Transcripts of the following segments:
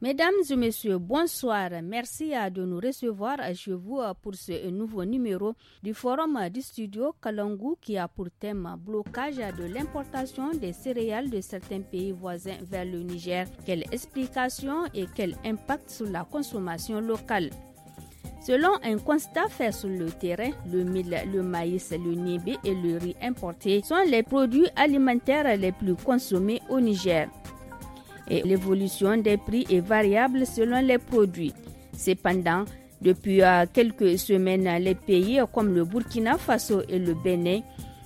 Mesdames et messieurs, bonsoir. Merci de nous recevoir chez vous pour ce nouveau numéro du forum du studio Kalangu qui a pour thème blocage de l'importation des céréales de certains pays voisins vers le Niger. Quelle explication et quel impact sur la consommation locale Selon un constat fait sur le terrain, le mil, le maïs, le nibé et le riz importés sont les produits alimentaires les plus consommés au Niger et l'évolution des prix est variable selon les produits. Cependant, depuis euh, quelques semaines, les pays comme le Burkina Faso et le Bénin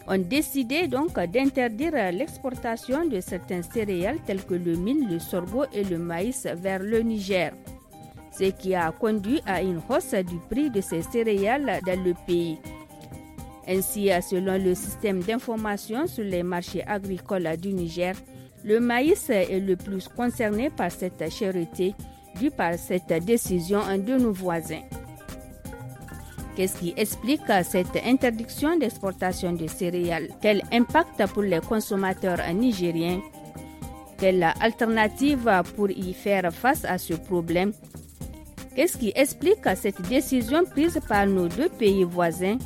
ont décidé donc d'interdire l'exportation de certains céréales tels que le mil, le sorgho et le maïs vers le Niger, ce qui a conduit à une hausse du prix de ces céréales dans le pays. Ainsi, selon le système d'information sur les marchés agricoles du Niger, le maïs est le plus concerné par cette chérité due par cette décision de nos voisins. Qu'est-ce qui explique cette interdiction d'exportation de céréales Quel impact pour les consommateurs nigériens Quelle alternative pour y faire face à ce problème Qu'est-ce qui explique cette décision prise par nos deux pays voisins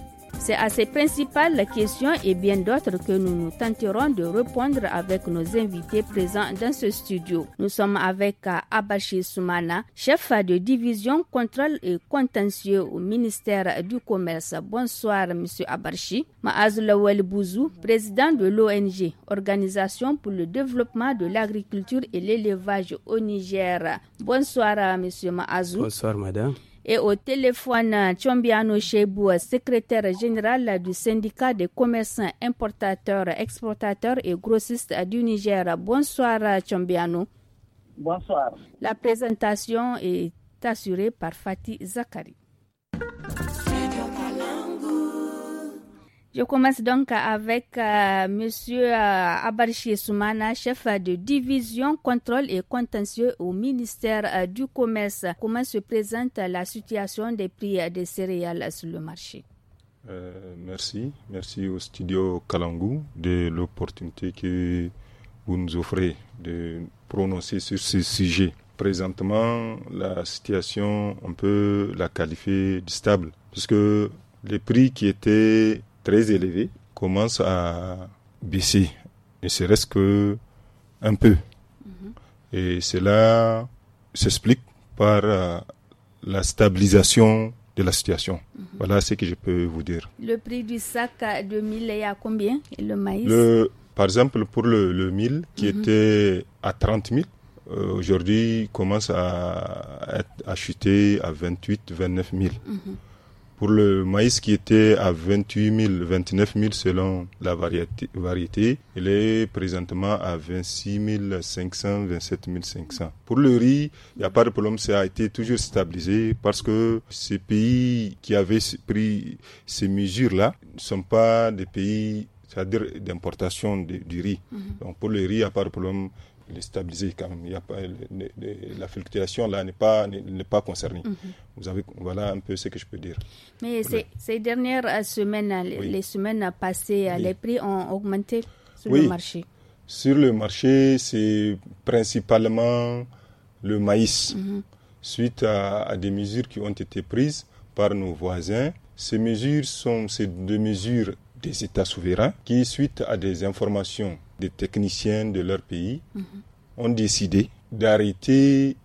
c'est à ces principales questions et bien d'autres que nous nous tenterons de répondre avec nos invités présents dans ce studio. Nous sommes avec euh, Abashi Soumana, chef de division contrôle et contentieux au ministère du Commerce. Bonsoir, Monsieur Abashi. Maazou Lawel Bouzou, président de l'ONG, Organisation pour le développement de l'agriculture et l'élevage au Niger. Bonsoir, euh, Monsieur Maazou. Bonsoir, Madame. Et au téléphone, Chombiano Chebou, secrétaire général du syndicat des commerçants importateurs, exportateurs et grossistes du Niger. Bonsoir Chombiano. Bonsoir. La présentation est assurée par Fatih Zakari. Je commence donc avec euh, Monsieur euh, Soumana, chef de division contrôle et contentieux au ministère euh, du Commerce. Comment se présente la situation des prix des céréales sur le marché Merci, merci au studio Kalangu de l'opportunité que vous nous offrez de prononcer sur ce sujet. Présentement, la situation, on peut la qualifier de stable, puisque les prix qui étaient très élevé, commence à baisser, ne serait-ce que un peu. Mhm. Et cela s'explique par euh, la stabilisation de la situation. Mhm. Voilà ce que je peux vous dire. Le prix du sac à 2000 est à combien le maïs Par exemple, pour le, le qui mhm. était à 30 000, aujourd'hui, aujourd'hui commence à, à, chuter à 28 000, 29 000. Pour le maïs qui était à 28 000, 29 000 selon la variété, il est présentement à 26 500, 27 500. Pour le riz, il n'y a pas de problème, ça a été toujours stabilisé parce que ces pays qui avaient pris ces mesures-là ne sont pas des pays c'est-à-dire d'importation du riz. Mhm. Donc pour le riz, à de problème, les stabiliser quand même. Il y a pas, la fluctuation là n'est pas, n'est pas concernée. Mhm. Vous avez, voilà un peu ce que je peux dire. Mais ces, dernières euh, semaines, euh, les semaines passées, euh, les prix ont augmenté sur le marché. Sur le marché, c'est principalement le maïs. Mhm. Suite à, à, des mesures qui ont été prises par nos voisins, ces mesures sont ces deux mesures des États souverains qui, suite à des informations des techniciens de leur pays mhm. ont décidé d'arrêter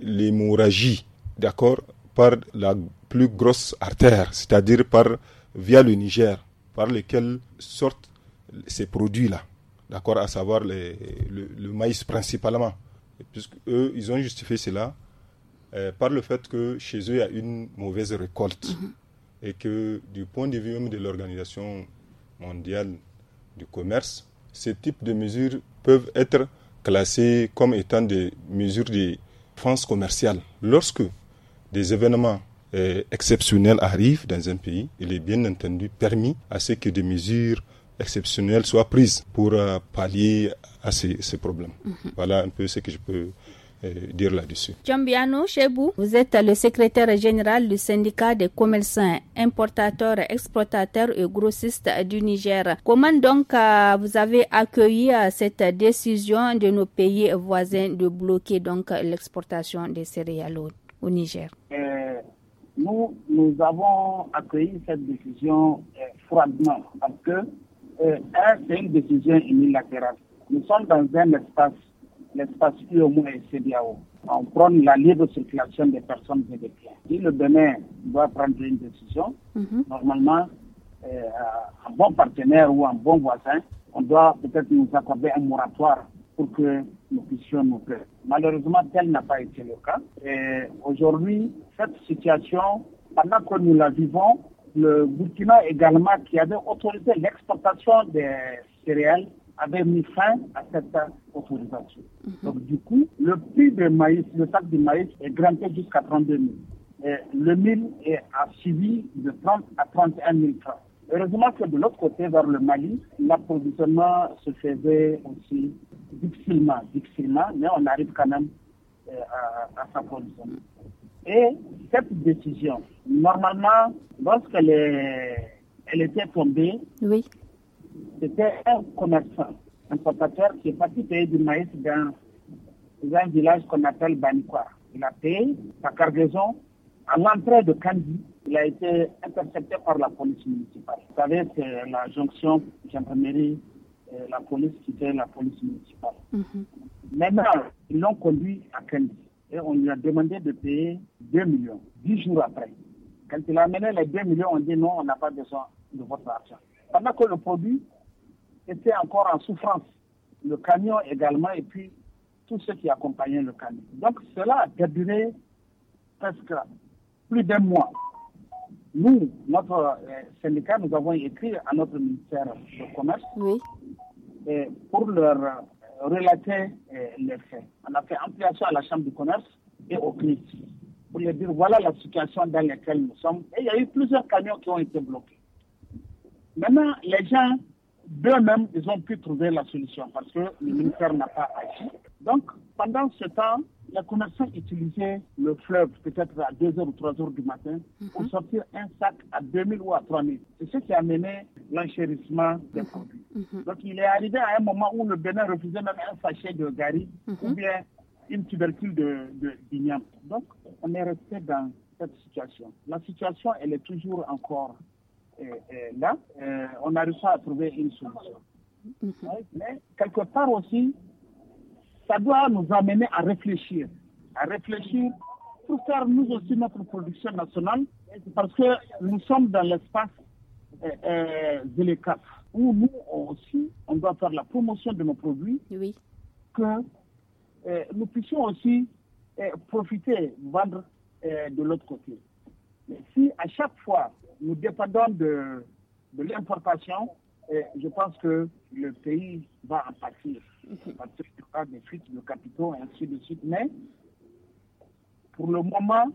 l'hémorragie, d'accord, par la plus grosse artère, c'est-à-dire par via le Niger, par lequel sortent ces produits-là, d'accord, à savoir le, maïs principalement, puisque ils ont justifié cela euh, par le fait que chez eux, il y a une mauvaise récolte mhm. et que du point de vue même de l'organisation mondiale du commerce, ces types de mesures peuvent être classées comme étant des mesures de défense commerciale. Lorsque des événements eh, exceptionnels arrivent dans un pays, il est bien entendu permis à ce que des mesures exceptionnelles soient prises pour euh, pallier à ces, problèmes. Mhm. Voilà un peu ce que je peux dire là-dessus. Jambiano Chebou, vous êtes le secrétaire général du syndicat des commerçants, importateurs, exportateurs et grossistes du Niger. Comment donc euh, vous avez accueilli euh, cette décision de nos pays voisins de bloquer donc euh, l'exportation des céréales au Niger Nous, nous avons accueilli cette décision froidement parce que c'est une décision unilatérale. Nous sommes dans un espace l'espace UOMO et CDAO. On prône la libre circulation des personnes et des biens. Si le Bénin doit prendre une décision, mhm. normalement, euh, un bon partenaire ou un bon voisin, on doit peut-être nous accorder un moratoire pour que nous puissions nous faire Malheureusement, tel n'a pas été le cas. Et aujourd'hui, cette situation, pendant que nous la vivons, le Burkina également, qui avait autorisé l'exportation des céréales avait mis fin à cette autorisation. Donc du coup, le prix de maïs, le sac de maïs est grimpé jusqu'à 32 000. le mille a suivi de 30 à 31 000 francs. Heureusement que de l'autre côté, vers le Mali, l'approvisionnement se faisait aussi difficilement, mais on arrive quand même euh, à, sa s'approvisionner. Et cette décision, normalement, lorsqu'elle elle était tombée, oui. C'était un commerçant, un portateur qui est parti payer du maïs dans, un village qu'on appelle Banikwa. Il a payé sa cargaison à l'entrée de Kandi. Il a été intercepté par la police municipale. Vous savez, c'est la jonction gendarmerie la police qui était la police municipale. Mhm. Maintenant, ils l'ont conduit à Candy et on lui a demandé de payer 2 millions, 10 jours après. Quand il a amené les 2 millions, on dit non, on n'a pas besoin de votre argent pendant que le produit était encore en souffrance. Le camion également, et puis tout ceux qui accompagnaient le camion. Donc cela a duré presque plus d'un mois. Nous, notre euh, syndicat, nous avons écrit à notre ministère de Commerce pour leur euh, relater euh, les faits. On a fait ampliation à la Chambre du commerce et au Clic pour leur dire voilà la situation dans laquelle nous sommes. Et il y a eu plusieurs camions qui ont été bloqués. Maintenant, les gens d'eux-mêmes, ils ont pu trouver la solution parce que le mhm. ministère n'a pas agi. Donc, pendant ce temps, les commerçants utilisaient le fleuve peut-être à 2h ou 3h du matin pour mhm. sortir un sac à 2000 ou à 3000. C'est ce qui a mené l'enchérissement des mhm. produits. Donc, il est arrivé à un moment où le Bénin refusait même un sachet de gari ou bien une tubercule de, de, Donc, on est resté dans cette situation. La situation, elle est toujours encore euh, euh, là, euh, on a réussi à trouver une solution. Mhm. Mais quelque part aussi, ça doit nous amener à réfléchir, à réfléchir pour faire nous aussi notre production nationale, parce que nous sommes dans l'espace euh, de l'ECAF, où nous aussi, on doit faire la promotion de nos produits, oui. que nous puissions aussi profiter, vendre de l'autre côté. Mais si à chaque fois nous dépendons de, l'importation et je pense que le pays va en partir. Mhm. Parce qu'il y aura des fuites de capitaux et ainsi de suite. Mais pour le moment,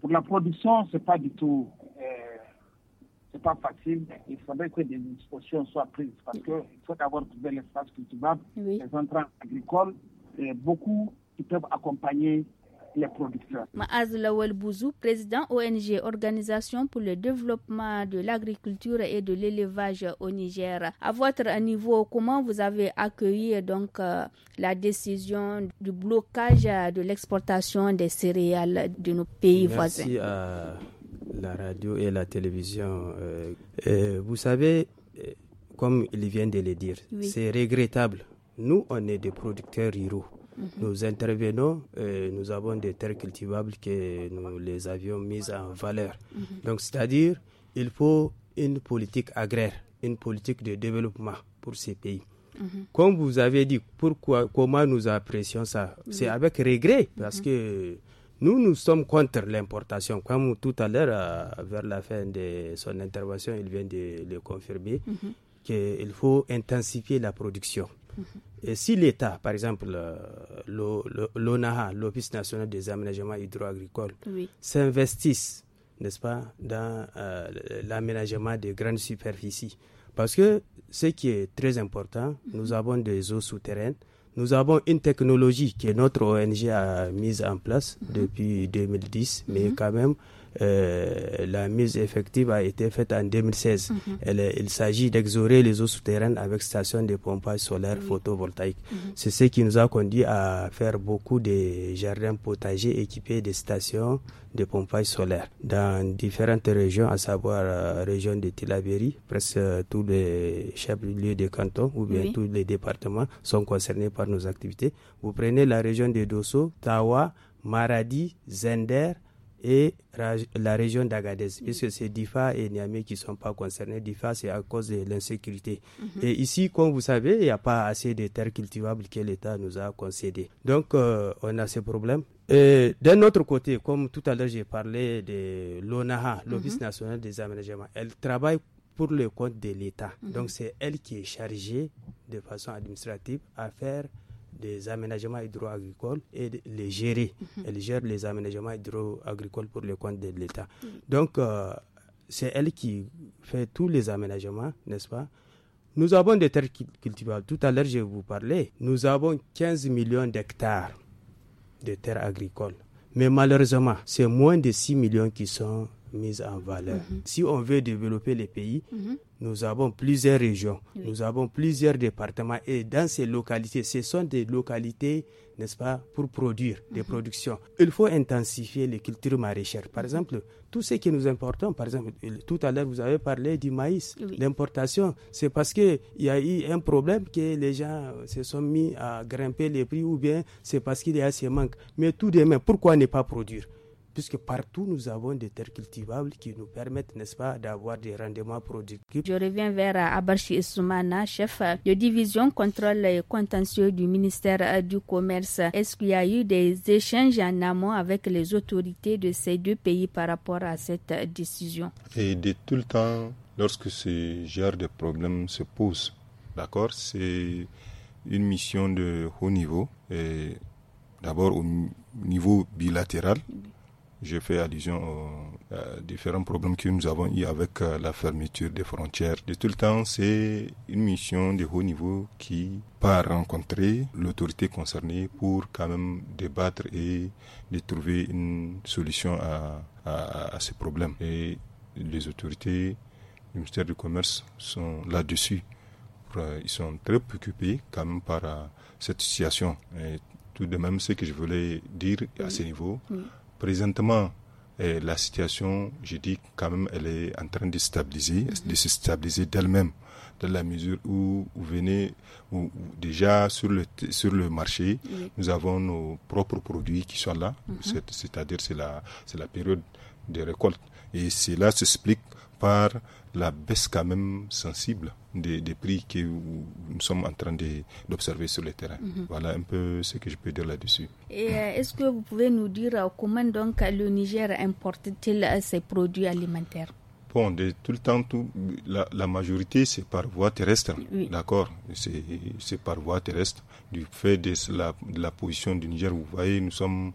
pour la production, ce n'est pas du tout euh, pas facile. Il faudrait que des dispositions soient prises parce qu'il faut d'abord trouver l'espace cultivable, les entrants agricoles et beaucoup qui peuvent accompagner les producteurs. Maaz Bouzou, président ONG Organisation pour le développement de l'agriculture et de l'élevage au Niger. À votre niveau, comment vous avez accueilli donc euh, la décision du blocage de l'exportation des céréales de nos pays voisins Merci à la radio et la télévision. Euh, euh, vous savez, comme il vient de le dire, c'est regrettable. Nous, on est des producteurs ruraux. Mhm. Nous intervenons, nous avons des terres cultivables que nous les avions mises en valeur. Mhm. Donc, c'est-à-dire, il faut une politique agraire, une politique de développement pour ces pays. Mhm. Comme vous avez dit, comment nous apprécions ça C'est avec regret, parce que nous, nous sommes contre l'importation. Comme tout à l'heure, euh, vers la fin de son intervention, il vient de le confirmer, qu'il faut intensifier la production. Et si l'État, par exemple, euh, l'ONAHA, l'Office national des aménagements hydroagricoles, agricoles s'investissent, n'est-ce pas, dans euh, l'aménagement des grandes superficies, parce que ce qui est très important, mhm. nous avons des eaux souterraines, nous avons une technologie que notre ONG a mise en place mhm. depuis 2010, mais mhm. quand même, euh, la mise effective a été faite en 2016. Mhm. il s'agit d'exorer les eaux souterraines avec stations de pompage solaire photovoltaïque. Mhm. C'est ce qui nous a conduit à faire beaucoup de jardins potagers équipés de stations de pompage solaire dans différentes régions, à savoir la euh, région de Tilaberi, presque euh, tous les chefs-lieux de canton ou bien tous les départements sont concernés par nos activités. Vous prenez la région de Dosso, Tawa, Maradi, Zender, et la région d'Agadez, puisque c'est Difa et Niamey qui ne sont pas concernés. Difa, c'est à cause de l'insécurité. Mhm. Et ici, comme vous savez, il n'y a pas assez de terres cultivables que l'État nous a concédées. Donc, euh, on a ces problèmes. D'un autre côté, comme tout à l'heure, j'ai parlé de l'ONAHA, mhm. l'Office national des aménagements. Elle travaille pour le compte de l'État. Mhm. Donc, c'est elle qui est chargée de façon administrative à faire des aménagements hydro-agricoles et les gérer. Mhm. Elle gère les aménagements hydro-agricoles pour le compte de l'État. Donc, euh, c'est elle qui fait tous les aménagements, n'est-ce pas Nous avons des terres cultivables. Tout à l'heure, je vous parlais. Nous avons 15 millions d'hectares de terres agricoles. Mais malheureusement, c'est moins de 6 millions qui sont mise en valeur. Mhm. Si on veut développer les pays, mhm. nous avons plusieurs régions, nous avons plusieurs départements et dans ces localités, ce sont des localités, n'est-ce pas, pour produire des mhm. productions. Il faut intensifier les cultures maraîchères. Par exemple, tout ce que nous importons, par exemple, euh, tout à l'heure vous avez parlé du maïs, l'importation, c'est parce qu'il y a eu un problème que les gens euh, se sont mis à grimper les prix ou bien c'est parce qu'il y a ces manques. Mais tout de même, pourquoi ne pas produire puisque partout nous avons des terres cultivables qui nous permettent, n'est-ce pas, d'avoir des rendements productifs. Je reviens vers Abarchi Soumana, chef de division contrôle et contentieux du ministère du Commerce. Est-ce qu'il y a eu des échanges en amont avec les autorités de ces deux pays par rapport à cette décision Et de tout le temps, lorsque ce genre de problème se pose, d'accord, c'est une mission de haut niveau. D'abord au niveau bilatéral, j'ai fait allusion aux différents problèmes que nous avons eu avec euh, la fermeture des frontières. De tout le temps, c'est une mission de haut niveau qui part rencontrer l'autorité concernée pour quand même débattre et de trouver une solution à, ces problèmes. Et les autorités du ministère du Commerce sont là-dessus. Euh, ils sont très préoccupés quand même par euh, cette situation. Et tout de même, ce que je voulais dire à ce niveau, Présentement, la situation, je dis quand même, elle est en train de stabiliser, de se stabiliser d'elle-même, dans la mesure où vous venez, déjà sur le, sur le marché, nous avons nos propres produits qui sont là, mhm. c'est-à-dire c'est la, la période de récolte. Et cela s'explique par la baisse quand même sensible des, des prix que nous sommes en train d'observer sur le terrain. Mhm. Voilà un peu ce que je peux dire là-dessus. Et euh, est-ce que vous pouvez nous dire euh, comment donc le Niger importe-t-il euh, ses produits alimentaires Bon, de tout le temps, tout, la, majorité, c'est par voie terrestre. D'accord C'est par voie terrestre. Du fait de la, de la position du Niger, vous voyez, nous sommes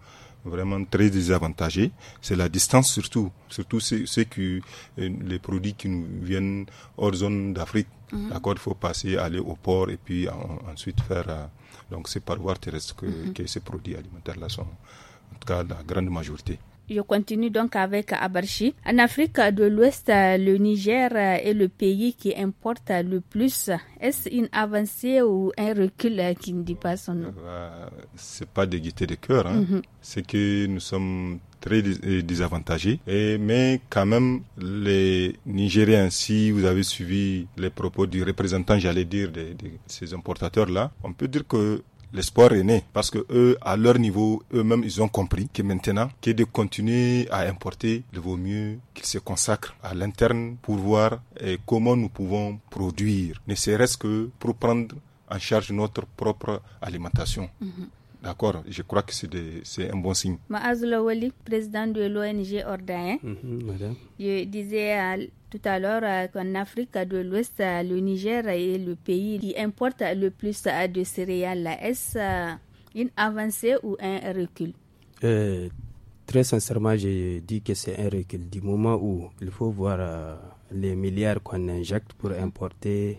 vraiment très désavantagés. C'est la distance surtout, surtout c'est que euh, les produits qui nous viennent hors zone d'Afrique. Mhm. D'accord, il faut passer, aller au port et puis ensuite faire. Euh, donc c'est par voie terrestre mhm. que ces produits alimentaires-là sont, en tout cas la grande majorité. Je continue donc avec Abarchi. En Afrique de l'Ouest, le Niger est le pays qui importe le plus. Est-ce une avancée ou un recul qui ne dit pas son nom euh, C'est pas de guetter de cœur. Hein. Mhm. C'est que nous sommes très euh, désavantagés. Et, mais quand même, les Nigériens, si vous avez suivi les propos du représentant, j'allais dire, de ces importateurs-là, on peut dire que L'espoir est né parce que eux, à leur niveau, eux-mêmes, ils ont compris que maintenant, que de continuer à importer, il vaut mieux qu'ils se consacrent à l'interne pour voir eh, comment nous pouvons produire, ne serait-ce que pour prendre en charge notre propre alimentation. Mm-hmm. D'accord, je crois que c'est un bon signe. Ma Wali, président de l'ONG Ordain, mhm, je disais tout à l'heure euh, qu'en Afrique de l'Ouest, euh, le Niger est le pays qui importe le plus euh, de céréales. Est-ce une avancée ou un recul Très sincèrement, je dis que c'est un recul du moment où il faut voir les milliards qu'on injecte pour importer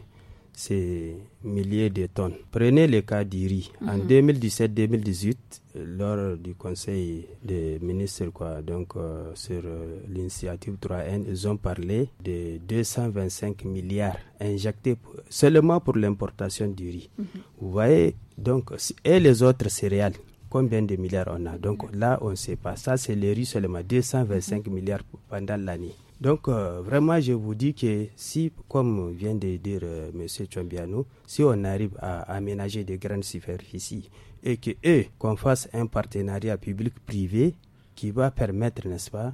c'est milliers de tonnes. Prenez le cas du riz. En 2017-2018, mhm. lors du conseil des ministres, quoi, donc euh, sur euh, l'initiative 3N, ils ont parlé de 225 milliards injectés seulement pour l'importation du riz. Mhm. Vous voyez, donc, et les autres céréales combien de milliards on a. Donc là, on ne sait pas. Ça, c'est le riz seulement, 225 milliards pendant l'année. Donc, euh, vraiment, je vous dis que si, comme vient de dire euh, M. Chombiano, si on arrive à aménager des grandes superficies et que, qu'on fasse un partenariat public-privé qui va permettre, n'est-ce pas,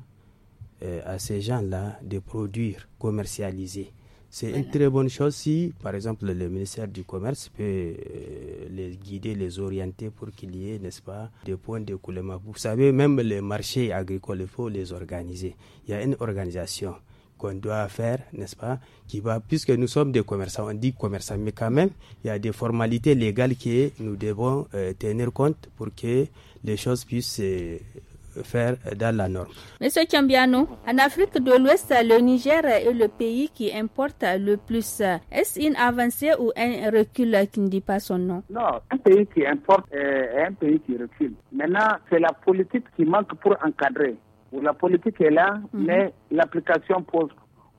euh, à ces gens-là de produire, commercialiser. C'est une très bonne chose si, par exemple, le ministère du Commerce peut euh, les guider, les orienter pour qu'il y ait, n'est-ce pas, des points de d'écoulement. Vous savez, même les marchés agricoles, il faut les organiser. Il y a une organisation qu'on doit faire, n'est-ce pas, qui va, puisque nous sommes des commerçants, on dit commerçants, mais quand même, il y a des formalités légales que nous devons euh, tenir compte pour que les choses puissent euh, faire dans la norme. Monsieur Cambiano, en Afrique de l'Ouest, le Niger est le pays qui importe le plus. Est-ce une avancée ou un recul qui ne dit pas son nom Non, un pays qui importe est un pays qui recule. Maintenant, c'est la politique qui manque pour encadrer. La politique est là, mhm. mais l'application pose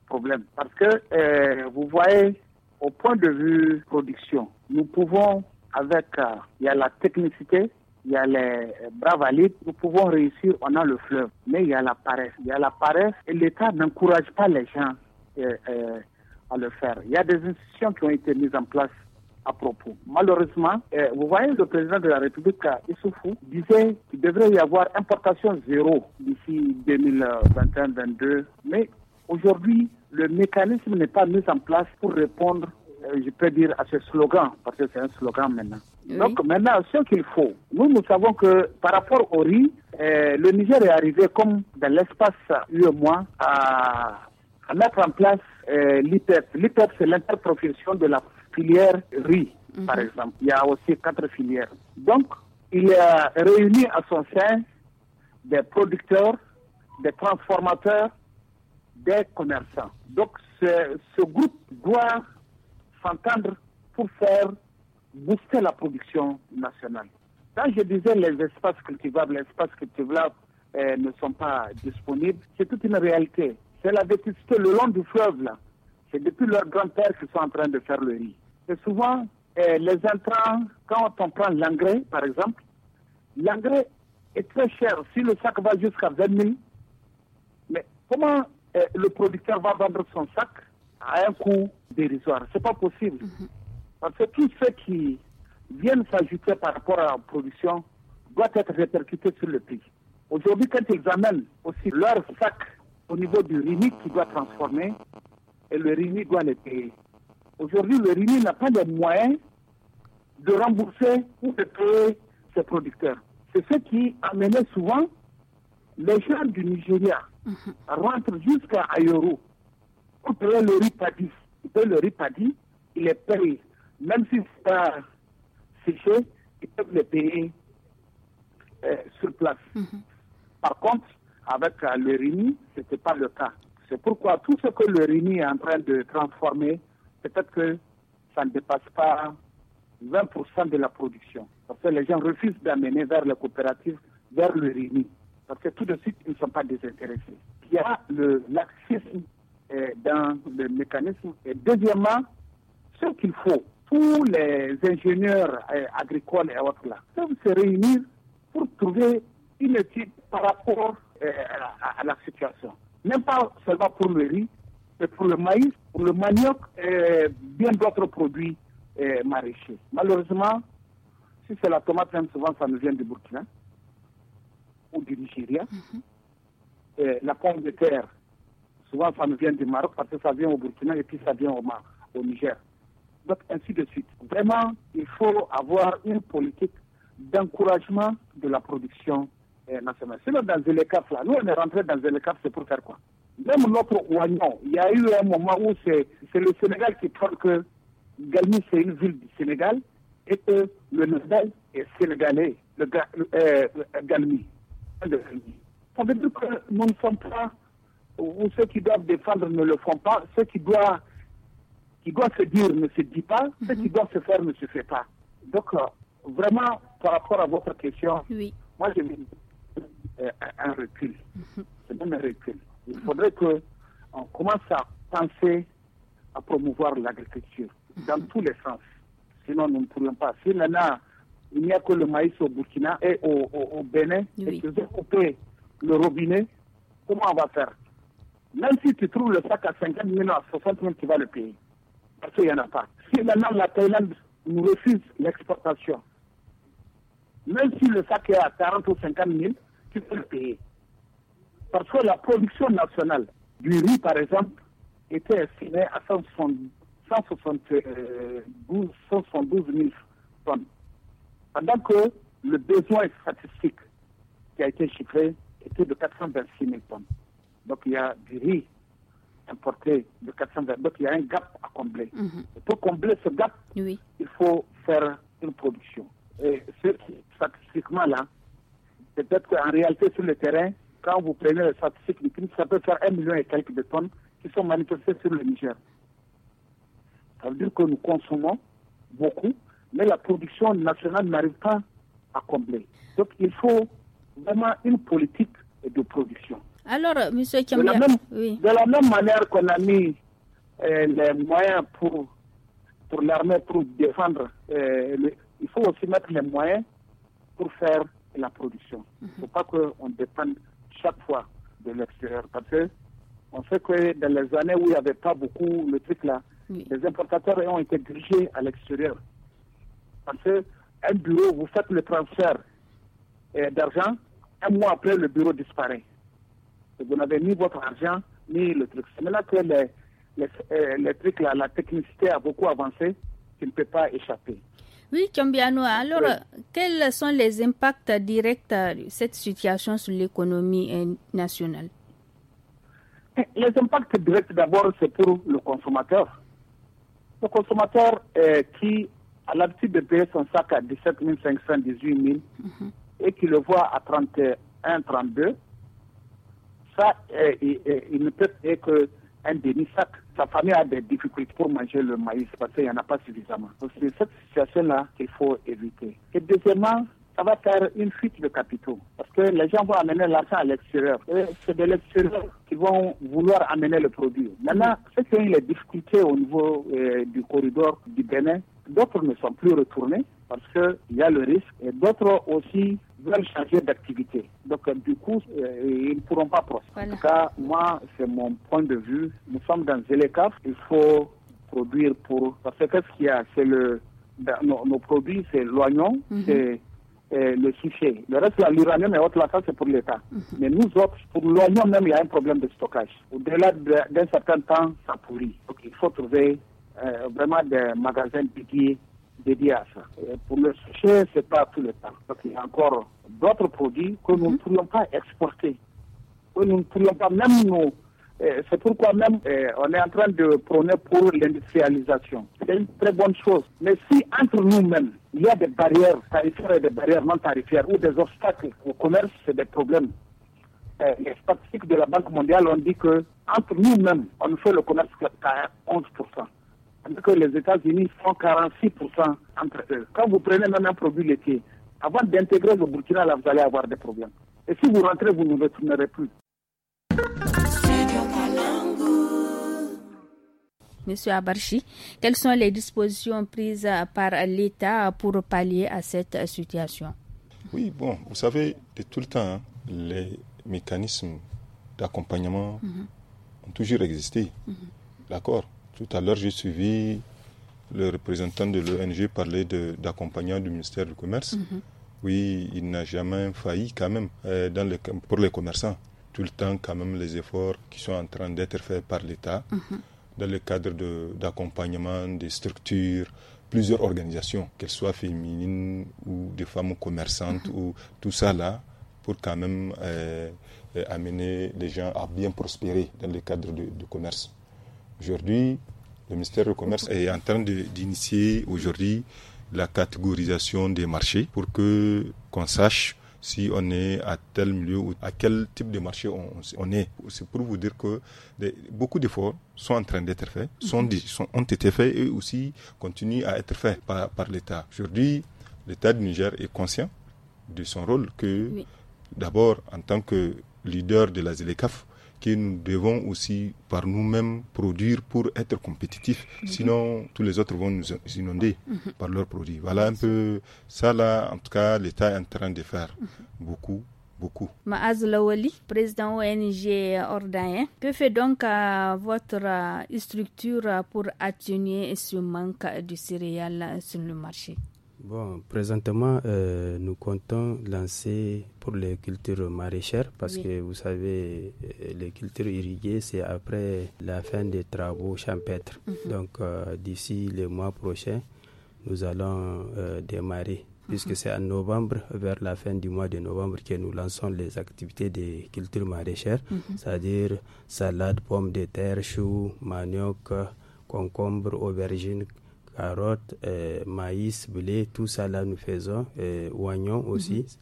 problème. Parce que euh, vous voyez, au point de vue production, nous pouvons, avec, euh, il y a la technicité, il y a les bras valides, nous pouvons réussir, on a le fleuve. Mais il y a la paresse. Il y a la paresse et l'État n'encourage pas les gens euh, euh, à le faire. Il y a des institutions qui ont été mises en place à propos. Malheureusement, euh, vous voyez, le président de la République, Issoufou, disait qu'il devrait y avoir importation zéro d'ici 2021-2022. Mais aujourd'hui, le mécanisme n'est pas mis en place pour répondre, je peux dire, à ce slogan, parce que c'est un slogan maintenant. Donc maintenant, ce qu'il faut, nous, nous savons que par rapport au riz, euh, le Niger est arrivé comme dans l'espace ue à, mettre en place euh, l'ITEP. L'ITEP, c'est l'interprofession de la filière riz, mhm. par exemple. Il y a aussi quatre filières. Donc, il a réuni à son sein des producteurs, des transformateurs, des commerçants. Donc, ce, ce groupe doit s'entendre pour faire booster la production nationale. Quand je disais les espaces cultivables, les espaces cultivables euh, ne sont pas disponibles, c'est toute une réalité. C'est la vétusté le long du fleuve, là. C'est depuis leur grand-père qu'ils sont en train de faire le riz. Et souvent, euh, les intrants, quand on prend l'engrais, par exemple, l'engrais est très cher. Si le sac va jusqu'à 20 000, mais comment euh, le producteur va vendre son sac à un coût dérisoire C'est pas possible. Mhm. Parce que tout ce qui viennent s'ajouter par rapport à la production doit être répercuté sur le prix. Aujourd'hui, quand ils amènent aussi leur sac au niveau du RIMI qui doit transformer, et le RIMI doit les payer. Aujourd'hui, le RINI n'a pas de moyens de rembourser ou de payer ses producteurs. C'est ce qui amenait souvent les gens du Nigeria à rentrer jusqu'à Ayoro pour payer le RIPADI. Ils le RIPADI, il est les même si ne sont pas ils peuvent les payer euh, sur place. Mhm. Par contre, avec euh, le ce n'était pas le cas. C'est pourquoi tout ce que le est en train de transformer, peut-être que ça ne dépasse pas 20% de la production. Parce que les gens refusent d'amener vers les coopératives, vers le RINI. Parce que tout de suite, ils ne sont pas désintéressés. Il y a le laxisme euh, dans le mécanisme. Et deuxièmement, ce qu'il faut, tous les ingénieurs euh, agricoles et autres là peuvent se réunir pour trouver une étude par rapport euh, à, la situation. Même pas seulement pour le riz, mais pour le maïs, pour le manioc et bien d'autres produits euh, maraîchers. Malheureusement, si c'est la tomate, souvent ça nous vient du Burkina ou du Nigeria. Mhm. la pomme de terre, souvent ça nous vient du Maroc parce que ça vient au Burkina et puis ça vient au, au Niger donc ainsi de suite. Vraiment, il faut avoir une politique d'encouragement de la production eh, nationale. nationale. là, dans les CAF, là, nous, on est rentré dans les c'est pour faire quoi Même notre oignon, il y a eu un moment où c'est le Sénégal qui pense que Galmi, c'est une ville du Sénégal et que le Nordal est sénégalais, le, ga, euh, Le eh, Ça veut dire que nous ne sommes pas, ou ceux qui doivent défendre ne le font pas, ceux qui doivent qui doit se dire ne se dit pas, ce mhm. qui doit se faire ne se fait pas. Donc, euh, vraiment, par rapport à votre question, moi, j'ai mis euh, un recul. C'est mhm. même un recul. Il faudrait qu'on commence à penser à promouvoir l'agriculture dans mhm. tous les sens. Sinon, nous ne pouvons pas. Si maintenant, il n'y a que le maïs au Burkina et au, Bénin, Et et que coupez le robinet, comment on va faire Même si tu trouves le sac à 50 000 à 60 000, tu vas le payer. Parce qu'il n'y en a pas. Si maintenant la Thaïlande nous refuse l'exportation, même si le sac est à 40 ou 50 000, tu peux le payer. Parce que la production nationale du riz, par exemple, était estimée à 172, 000 euh, tonnes. Pendant que le besoin statistique qui a été chiffré était de 426 000 tonnes. Donc il y a du riz importé de 420. Donc il y a un gap à combler. Mhm. pour combler ce gap, il faut faire une production. Et ce statistiquement là, peut-être qu'en réalité sur le terrain, quand vous prenez les statistiques ça peut faire un million et quelques de tonnes qui sont manifestées sur le Niger. Ça veut dire que nous consommons beaucoup, mais la production nationale n'arrive pas à combler. Donc il faut vraiment une politique de production. Alors, M. de, la même, manière qu'on a mis euh, les moyens pour, l'armée pour défendre, euh, il faut aussi mettre les moyens pour faire la production. Il ne faut pas qu'on dépende chaque fois de l'extérieur. Parce qu'on sait que dans les années où il n'y avait pas beaucoup de trucs là, les importateurs ont été dirigés à l'extérieur. Parce qu'un bureau, vous faites le transfert euh, d'argent, un mois après, le bureau disparaît vous n'avez ni votre argent, ni le truc. C'est là que les, les, euh, la technicité a beaucoup avancé, tu ne peux pas échapper. Oui, Kambiano, alors euh, quels sont les impacts directs de cette situation sur l'économie euh, nationale eh, Les impacts directs d'abord, c'est pour le consommateur. Le consommateur qui a l'habitude de payer son sac à 17 500, 000 et qui le voit à 31, 32, ça, euh, euh, il, ne peut être un demi-sac. Sa famille a des difficultés pour manger le maïs parce qu'il n'y en a pas suffisamment. c'est cette situation-là qu'il faut éviter. Et deuxièmement, ça va faire une fuite de capitaux parce que les gens vont amener l'argent à l'extérieur. C'est de l'extérieur qui vont vouloir amener le produit. Maintenant, c'est qui ont les difficultés au niveau euh, du corridor du Bénin, D'autres ne sont plus retournés parce qu'il y a le risque et d'autres aussi veulent changer d'activité. Donc, euh, du coup, euh, ils ne pourront pas procéder. En tout cas, moi, c'est mon point de vue. Nous sommes dans l'ECAF. Il faut produire pour. Parce que quest ce qu'il y a, c'est le. Nos, produits, c'est l'oignon, mhm. c'est le fichier Le reste, l'uranium et autres, là, c'est pour l'État. Mhm. Mais nous autres, pour l'oignon même, il y a un problème de stockage. Au-delà d'un certain temps, ça pourrit. Donc, il faut trouver euh, vraiment des magasins dédiés, dédiés à ça. pour le sujet, ce n'est pas tout le temps. Parce y a encore d'autres produits que nous ne mhm. pourrions pas exporter. nous ne pas, même nous. Euh, c'est pourquoi même euh, on est en train de prôner pour l'industrialisation. C'est une très bonne chose. Mais si entre nous-mêmes, il y a des barrières tarifaires et des barrières non tarifaires ou des obstacles au commerce, c'est des problèmes. les statistiques de la Banque mondiale ont dit que entre nous-mêmes, on fait le commerce qu'à 11% que les États-Unis font 46% entre eux. Quand vous prenez même un produit laitier, avant d'intégrer le Burkina, là, vous allez avoir des problèmes. Et si vous rentrez, vous ne retournerez plus. Monsieur Abarchi, quelles sont les dispositions prises par l'État pour pallier à cette situation Oui, bon, vous savez, de tout le temps, hein, les mécanismes d'accompagnement mhm. ont toujours existé. Mhm. D'accord tout à l'heure, j'ai suivi le représentant de l'ONG parler d'accompagnement du ministère du Commerce. Mhm. Oui, il n'a jamais failli quand même euh, pour les commerçants. Tout le temps quand même les efforts qui sont en train d'être faits par l'État mhm. dans le cadre d'accompagnement des structures, plusieurs organisations, qu'elles soient féminines ou des femmes commerçantes mhm. ou tout ça là, pour quand même euh, euh, amener les gens à bien prospérer dans le cadre du commerce. Aujourd'hui, le ministère du Commerce est en train d'initier aujourd'hui la catégorisation des marchés pour que qu'on sache si on est à tel milieu ou à quel type de marché on, on est. C'est pour vous dire que beaucoup d'efforts sont en train d'être faits, mhm. sont, ont été faits et aussi continuent à être faits par, par l'État. Aujourd'hui, l'État du Niger est conscient de son rôle que, d'abord, en tant que leader de la ZLECAF, que nous devons aussi par nous-mêmes produire pour être compétitifs. Mhm. Sinon, tous les autres vont nous inonder mhm. par leurs produits. Voilà un peu ça là, en tout cas, l'État est en train de faire mhm. beaucoup beaucoup. Maaz Lawali, président ONG Ordain. que fait donc euh, votre euh, structure pour atténuer ce manque de céréales sur le marché Bon, présentement, euh, nous comptons lancer pour les cultures maraîchères parce que vous savez, euh, les cultures irriguées, c'est après la fin des travaux champêtres. Mhm. Donc, euh, d'ici le mois prochain, nous allons démarrer, puisque mhm. c'est en novembre, vers la fin du mois de novembre, que nous lançons les activités des cultures maraîchères, mhm. c'est-à-dire salade, pommes de terre, choux, manioc, concombre, aubergine carottes, euh, maïs, blé, tout ça là nous faisons, et euh, oignons aussi. Mhm.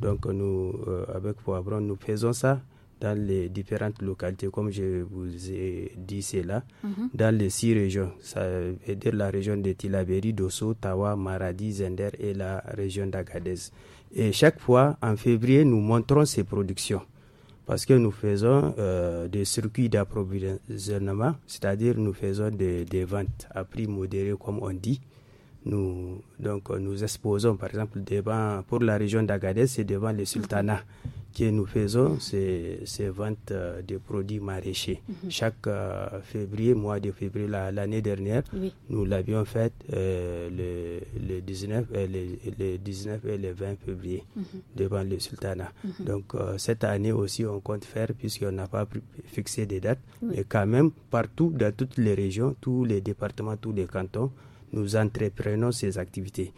Donc nous, euh, avec poivron, nous faisons ça dans les différentes localités, comme je vous ai dit cela, là, mhm. dans les six régions, ça veut dire la région de Tilaberi, Dosso, Tawa, Maradi, Zender et la région d'Agadez. Et chaque fois, en février, nous montrons ces productions parce que nous faisons euh, des circuits d'approvisionnement, c'est-à-dire nous faisons des, des, ventes à prix modéré, comme on dit. Nous, donc, euh, nous exposons, par exemple, pour la région d'Agadez, c'est devant le sultanat que nous faisons ces, ventes euh, de produits maraîchers. Mhm. Chaque euh, février, mois de février, l'année dernière, nous l'avions fait le, le, 19, le, le, 19 et le 20 février mhm. devant le sultanat. Mhm. Donc cette année aussi, on compte faire puisqu'on n'a pas fixé des dates. Mais quand même, partout, dans toutes les régions, tous les départements, tous les cantons, nous entreprenons ces activités.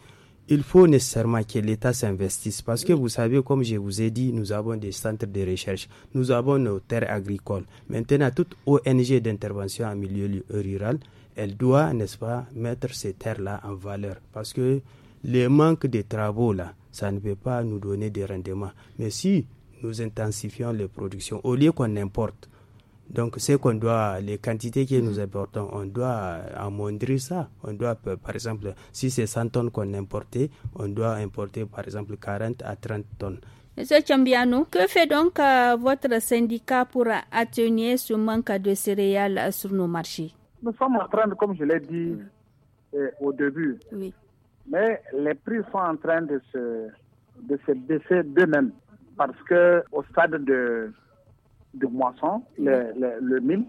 Il faut nécessairement que l'État s'investisse parce que vous savez, comme je vous ai dit, nous avons des centres de recherche, nous avons nos terres agricoles. Maintenant, toute ONG d'intervention en milieu rural, elle doit, n'est-ce pas, mettre ces terres-là en valeur parce que le manque de travaux, là, ça ne peut pas nous donner des rendements. Mais si nous intensifions les productions, au lieu qu'on importe, donc, c'est qu'on doit, les quantités que nous importons, on doit amondrir euh, ça. On doit, euh, par exemple, si c'est 100 tonnes qu'on importait, on doit importer, par exemple, 40 à 30 tonnes. Monsieur Chambiano, que fait donc euh, votre syndicat pour atténuer ce manque de céréales sur nos marchés Nous sommes en train, comme je l'ai dit au début, oui. mais les prix sont en train de se, de se baisser d'eux-mêmes parce que au stade de de moisson, le, mille,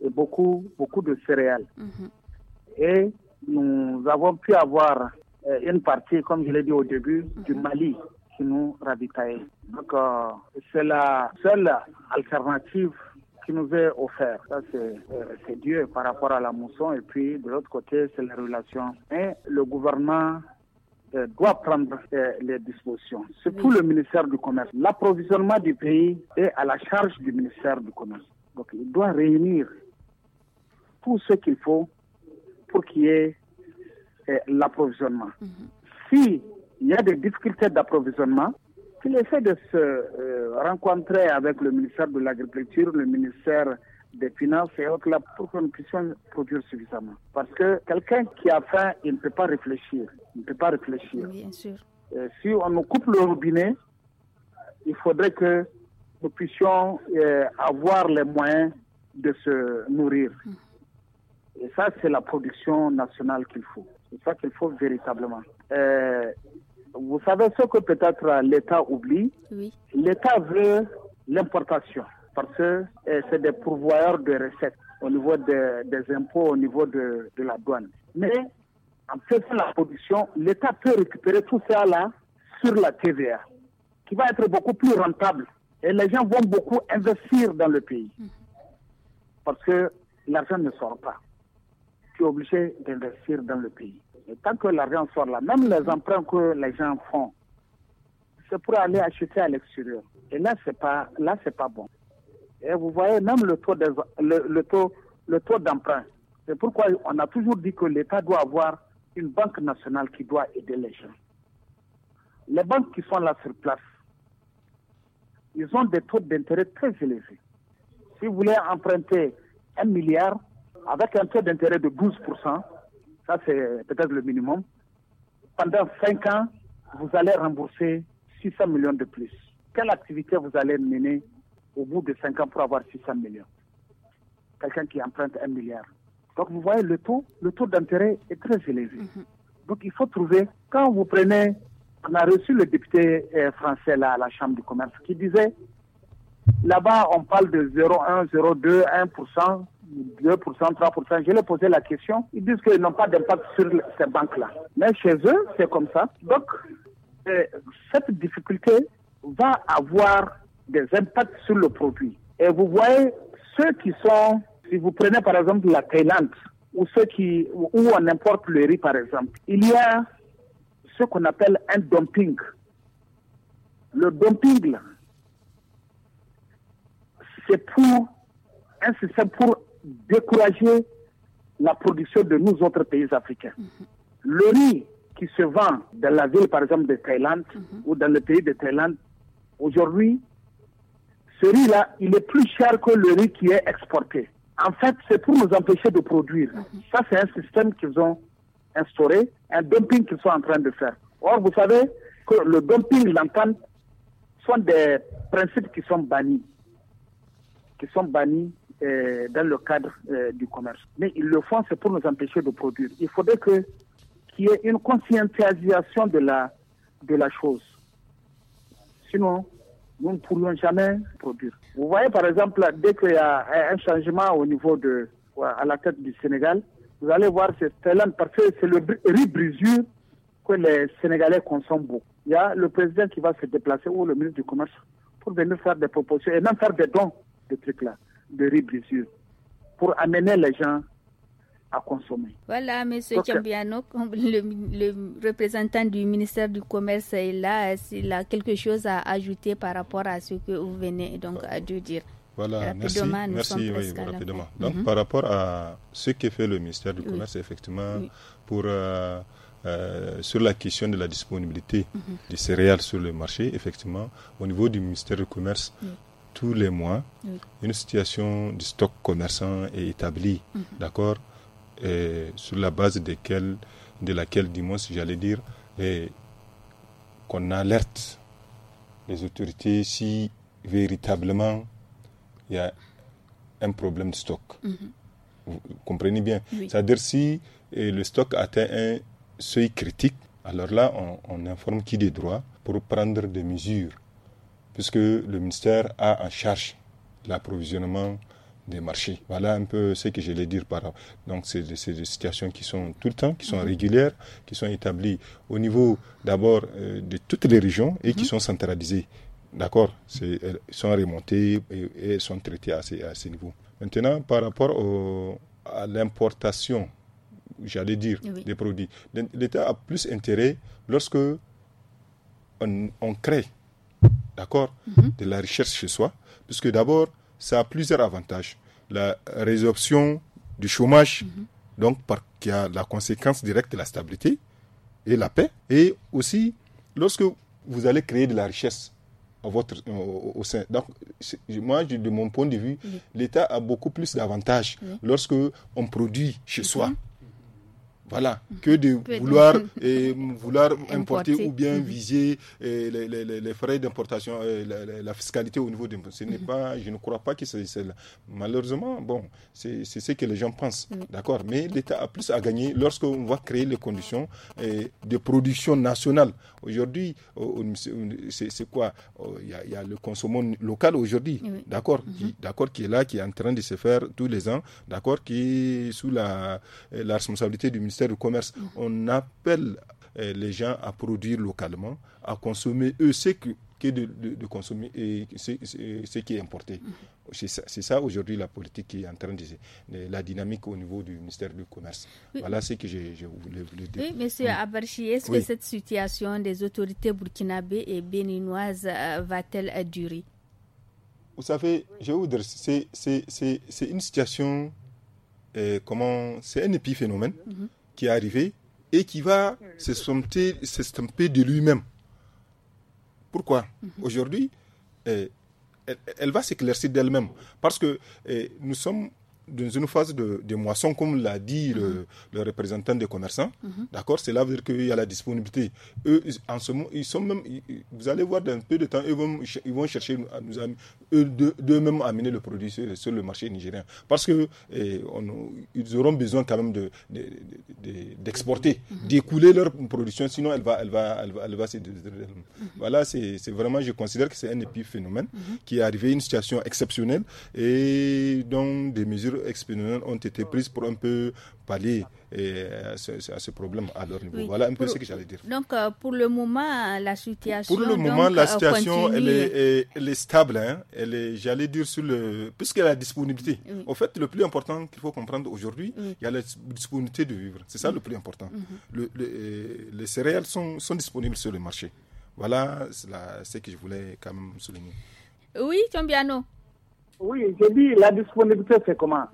et beaucoup, beaucoup de céréales. Mhm. Et nous avons pu avoir euh, une partie, comme je l'ai dit au début, du mhm. Mali qui nous ravitaillait. Donc, euh, c'est la seule alternative qui nous est offerte. Ça, euh, c'est Dieu par rapport à la mousson. Et puis, de l'autre côté, c'est la relation. Et le gouvernement euh, doit prendre euh, les dispositions. C'est tout le ministère du Commerce. L'approvisionnement du pays est à la charge du ministère du Commerce. Donc il doit réunir tout ce qu'il faut pour qu'il y ait euh, l'approvisionnement. Mhm. Si il S'il y a des difficultés d'approvisionnement, qu'il essaie de se rencontrer avec le ministère de l'Agriculture, le ministère des finances et autres pour que nous produire suffisamment. Parce que quelqu'un qui a faim, il ne peut pas réfléchir on ne peut pas réfléchir. Bien sûr. Euh, si on nous coupe le robinet, il faudrait que nous puissions euh, avoir les moyens de se nourrir. Et ça, c'est la production nationale qu'il faut. C'est ça qu'il faut véritablement. Euh, vous savez ce que peut-être l'État oublie oui. L'État veut l'importation parce que c'est des pourvoyeurs de recettes au niveau des impôts, au niveau de, de la douane. Mais en faisant la production, l'État peut récupérer tout ça là sur la TVA, qui va être beaucoup plus rentable. Et les gens vont beaucoup investir dans le pays. Parce que l'argent ne sort pas. Tu es obligé d'investir dans le pays. Et tant que l'argent sort là, même les emprunts que les gens font, c'est pour aller acheter à l'extérieur. Et là, c'est pas, là, c'est pas bon. Et vous voyez, même le taux, taux, le taux d'emprunt. C'est pourquoi on a toujours dit que l'État doit avoir une banque nationale qui doit aider les gens. Les banques qui sont là sur place, ils ont des taux d'intérêt très élevés. Si vous voulez emprunter un milliard avec un taux d'intérêt de 12%, ça c'est peut-être le minimum, pendant 5 ans, vous allez rembourser 600 millions de plus. Quelle activité vous allez mener au bout de 5 ans pour avoir 600 millions Quelqu'un qui emprunte un milliard. Donc vous voyez le taux, le taux d'intérêt est très élevé. Mhm. Donc il faut trouver, quand vous prenez, on a reçu le député euh, français là, à la Chambre du commerce qui disait, là-bas on parle de 0,1, 0,2, 1%, 2%, 3%. Je lui ai posé la question. Ils disent qu'ils n'ont pas d'impact sur ces banques-là. Mais chez eux, c'est comme ça. Donc, euh, cette difficulté va avoir des impacts sur le produit. Et vous voyez, ceux qui sont si vous prenez par exemple la Thaïlande, ou ceux qui, ou on importe le riz par exemple, il y a ce qu'on appelle un dumping. Le dumping, c'est pour un pour décourager la production de nous autres pays africains. Mm-hmm. Le riz qui se vend dans la ville, par exemple, de Thaïlande mm-hmm. ou dans le pays de Thaïlande, aujourd'hui, ce riz-là, il est plus cher que le riz qui est exporté. En fait, c'est pour nous empêcher de produire. Mhm. Ça, c'est un système qu'ils ont instauré, un dumping qu'ils sont en train de faire. Or, vous savez que le dumping, l'entente, sont des principes qui sont bannis, qui sont bannis euh, dans le cadre euh, du commerce. Mais ils le font, c'est pour nous empêcher de produire. Il faudrait que qu'il y ait une conscientisation de la, de la chose. Sinon, nous ne pourrions jamais produire. Vous voyez, par exemple, dès qu'il y a un changement au niveau de, à la tête du Sénégal, vous allez voir cette parce que c'est le riz brisure que les Sénégalais consomment beaucoup. Il y a le président qui va se déplacer ou le ministre du Commerce pour venir faire des propositions et même faire des dons de trucs-là, de riz brisure, pour amener les gens à consommer. Voilà, M. Chambiano, le, le, représentant du ministère du Commerce est là. S'il a quelque chose à ajouter par rapport à ce que vous venez donc euh, de dire. Voilà, euh, merci. merci oui, rapidement. Donc, mhm. par rapport à ce que fait le ministère du Commerce, effectivement, pour, euh, sur la question de la disponibilité du mhm. des céréales sur le marché, effectivement, au niveau du ministère du Commerce, tous les mois, une situation de stock commerçant est établie. Mhm. D'accord euh, sur la base de laquelle, dis j'allais dire, euh, qu'on alerte les autorités si véritablement il y a un problème de stock. Mhm. Vous comprenez bien. C'est-à-dire si euh, le stock atteint un seuil critique, alors là, on, on informe qui des droits pour prendre des mesures, puisque le ministère a en charge l'approvisionnement marchés. Voilà un peu ce que je dire par Donc, c'est des situations qui sont tout le temps, qui sont mhm. régulières, qui sont établies au niveau d'abord euh, de toutes les régions et qui mhm. sont centralisées. D'accord Elles sont remontées et, sont traitées à ce, à niveau. Maintenant, par rapport à l'importation, j'allais dire, des produits, l'État a plus intérêt lorsque on, crée, d'accord, mhm. de la recherche chez soi, puisque d'abord, ça a plusieurs avantages la résorption du chômage, mhm. donc par, qui a la conséquence directe de la stabilité et la paix. Et aussi, lorsque vous allez créer de la richesse à votre, au sein. Donc, moi, de mon point de vue, l'État a beaucoup plus d'avantages lorsque on produit chez mhm. soi. Voilà, mm-hmm. que de vouloir, eh, vouloir importer, ou bien mm-hmm. viser eh, les, frais d'importation, eh, la, fiscalité au niveau de... Ce n'est mm-hmm. pas, je ne crois pas que c'est celle Malheureusement, bon, c'est ce que les gens pensent, d'accord Mais l'État a plus à gagner lorsqu'on va créer les conditions de production nationale. Aujourd'hui, c'est quoi oh, il y, a, le consommant local aujourd'hui, d'accord D'accord, qui est là, qui est en train de se faire tous les ans, d'accord Qui est sous la, la responsabilité du ministère du Commerce, on appelle euh, les gens à produire localement, à consommer eux ce que, de, consommer et ce, qui est importé. C'est ça, aujourd'hui la politique qui est en train de, la dynamique au niveau du ministère du Commerce. Voilà ce que je, voulais vous dire. Oui, monsieur Abarchi, est-ce que cette situation des autorités burkinabées et béninoises euh, va-t-elle euh, durer Vous savez, je vous dire, c'est une situation, comment, c'est un épiphénomène. Mhm qui est arrivé et qui va s'estomper de lui-même. Pourquoi mhm. Aujourd'hui, euh, elle, va s'éclaircir d'elle-même. Parce que euh, nous sommes dans une phase de, de moisson, comme l'a dit le, mhm. représentant des commerçants, mhm. d'accord, là veut dire qu'il y a la disponibilité. Eux, en ce moment, ils sont même, vous allez voir dans un peu de temps, vont, ils vont chercher à nous, d'eux-mêmes à amener le produit sur, le marché nigérien. Parce que eh, ils auront besoin quand même d'exporter, de, d'exporter, mhm. d'écouler leur production, sinon elle va, elle va, elle va, Voilà, c'est vraiment, je considère que c'est un épiphénomène qui est arrivé, une situation exceptionnelle et donc des mesures expérimentales ont été prises pour un peu pallier euh, à, ce, problème à leur niveau. Voilà un peu ce que j'allais dire. Donc, euh, pour le moment, la situation. Pour le moment, la situation, elle est, stable. Hein. Elle est, j'allais dire, sur le, y a la disponibilité. en Au fait, le plus important qu'il faut comprendre aujourd'hui, il y a la disponibilité de vivre. C'est ça le plus important. Mm-hmm. Mm-hmm. Euh, les céréales sont, disponibles sur le marché. Voilà la, ce que je voulais quand même souligner. Oui, Tombiano. Oui, j'ai dit la disponibilité, c'est comment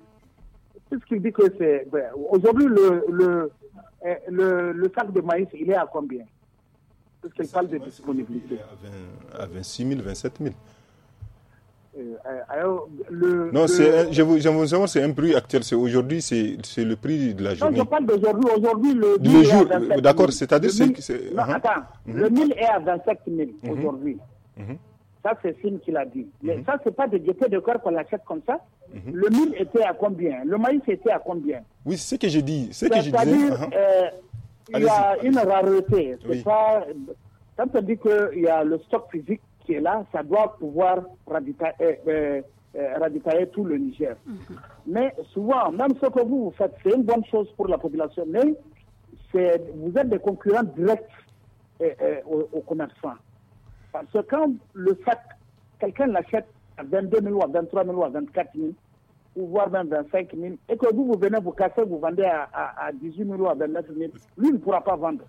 Puisqu'il dit que c'est. Aujourd'hui, le, le, eh, le, le, sac de maïs, il est à combien Parce qu'il parle de disponibilité. À, 20, à 26 000, 27 000. le, non, c'est, je vous, vous c'est un prix actuel. C'est aujourd'hui, c'est, le prix de la journée. Non, je parle d'aujourd'hui. Aujourd'hui, le, le jour, d'accord, c'est-à-dire c'est, Non, hein? attends, mhm. le 1000 est à 27 000 mhm. aujourd'hui. Mm ça, c'est Sim qui l'a dit. Mais mhm. ça, c'est pas de jetons de cœur qu'on l'achète comme ça. Mhm. Le mil était à combien Le maïs était à combien Oui, c'est ce que je dis. C'est que je disais. Uh-huh. Euh, il y a une rareté. Quand on dit qu'il y a le stock physique qui est là, ça doit pouvoir radicaliser. Euh, euh, tout le Niger. Mhm. Mais souvent, même ce que vous, vous faites, c'est une bonne chose pour la population, mais vous êtes des concurrents directs aux, commerçants. Parce que quand le sac, quelqu'un l'achète à 22 000 ou à 23 000 ou à 24 000, ou voire même 25 000, et que vous, vous venez vous casser, vous vendez à, 18 000 ou à 29 000, lui ne pourra pas vendre.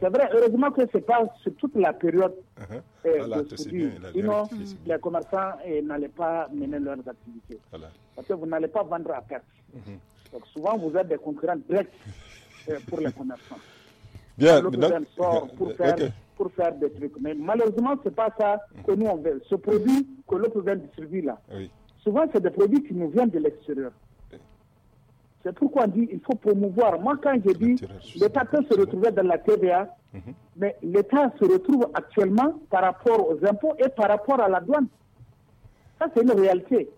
C'est vrai, heureusement que ce n'est pas sur toute la période. Uh-huh. Euh, ah, de bien, Sinon, les commerçants eh, n'allaient pas mener leurs activités. Ah, Parce que vous n'allez pas vendre à perte. Uh-huh. Donc souvent, vous êtes des concurrents directs euh, pour les commerçants. Bien, pour faire pour faire des trucs. Mais malheureusement, ce n'est pas ça que nous on veut. Ce produit que l'autre vient distribuer là, souvent c'est des produits qui nous viennent de l'extérieur. C'est pourquoi on dit qu'il faut promouvoir. Moi, quand j'ai dit l'État peut se retrouver dans la TVA, mhm. mais l'État se retrouve actuellement par rapport aux impôts et par rapport à la douane. Ça, c'est une réalité.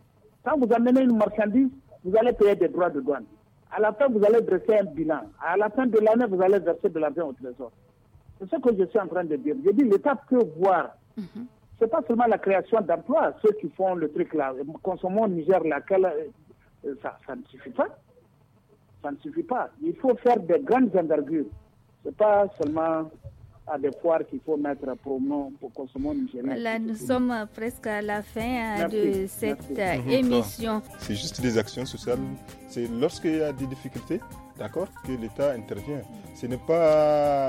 Quand vous amenez une marchandise, vous allez payer des droits de douane. À la fin, vous allez dresser un bilan. À la fin de l'année, vous allez verser de l'argent au trésor. C'est ce que je suis en train de dire. Je dis, l'État peut voir. Mhm. Ce n'est pas seulement la création d'emplois, ceux qui font le truc là. Consommons Niger, euh, ça, ça ne suffit pas. Ça ne suffit pas. Il faut faire des grandes envergures. Ce n'est pas seulement à des foires qu'il faut mettre pour, pour consommer Là, nous sommes presque à la fin hein, de cette émission. C'est juste des actions sociales. C'est lorsqu'il y a des difficultés, d'accord, que l'État intervient. Ce n'est pas,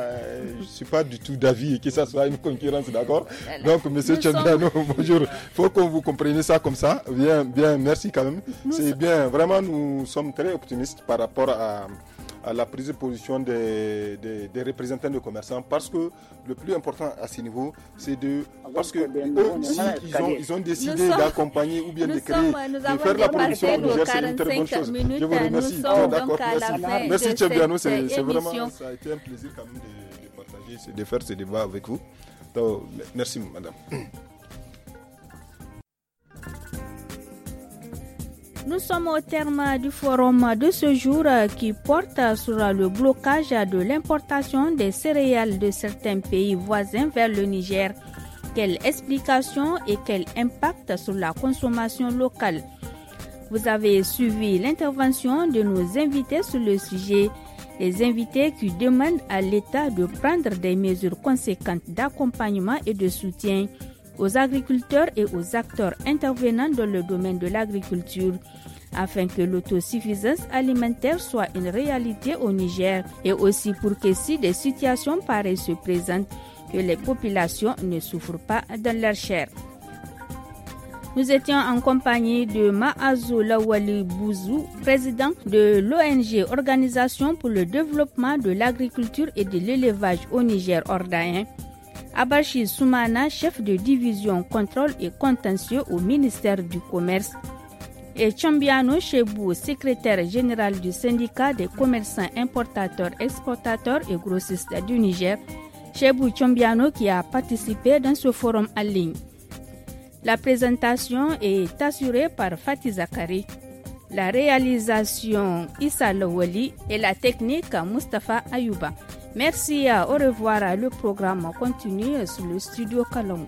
euh, je suis pas du tout d'avis que ça soit une concurrence, d'accord. Donc, Monsieur Chandano, bonjour. bonjour. Faut que vous compreniez ça comme ça. Bien, bien, merci quand même. C'est bien. Vraiment, nous sommes très optimistes par rapport à à la prise de position des, des, représentants de commerçants parce que le plus important à ce niveau, c'est de. Parce que eux ils ont, ils ont décidé d'accompagner ou bien de créer, de faire la production au Niger, c'est une très bonne chose. Je vous remercie. D'accord, merci. Merci c'est vraiment. Ça a été un plaisir quand même de, de partager, de faire ce débat avec vous. Donc, merci, madame. Nous sommes au terme du forum de ce jour euh, qui porte sur le blocage de l'importation des céréales de certains pays voisins vers le Niger. Quelle explication et quel impact sur la consommation locale Vous avez suivi l'intervention de nos invités sur le sujet. Les invités qui demandent à l'État de prendre des mesures conséquentes d'accompagnement et de soutien aux agriculteurs et aux acteurs intervenants dans le domaine de l'agriculture afin que l'autosuffisance alimentaire soit une réalité au Niger et aussi pour que si des situations pareilles se présentent, que les populations ne souffrent pas dans leur chair. Nous étions en compagnie de Maazou Lawali Bouzou, président de l'ONG Organisation pour le développement de l'agriculture et de l'élevage au Niger ordain. Abashi Soumana, chef de division contrôle et contentieux au ministère du Commerce. Et Chambiano Chebou, secrétaire général du syndicat des commerçants importateurs, exportateurs et grossistes du Niger. Chebou Chambiano qui a participé dans ce forum en ligne. La présentation est assurée par Fatih Zakari. La réalisation Issa Lawali et la technique Mustafa Ayouba. Merci, euh, au revoir. Le programme continue sur le studio Calombo.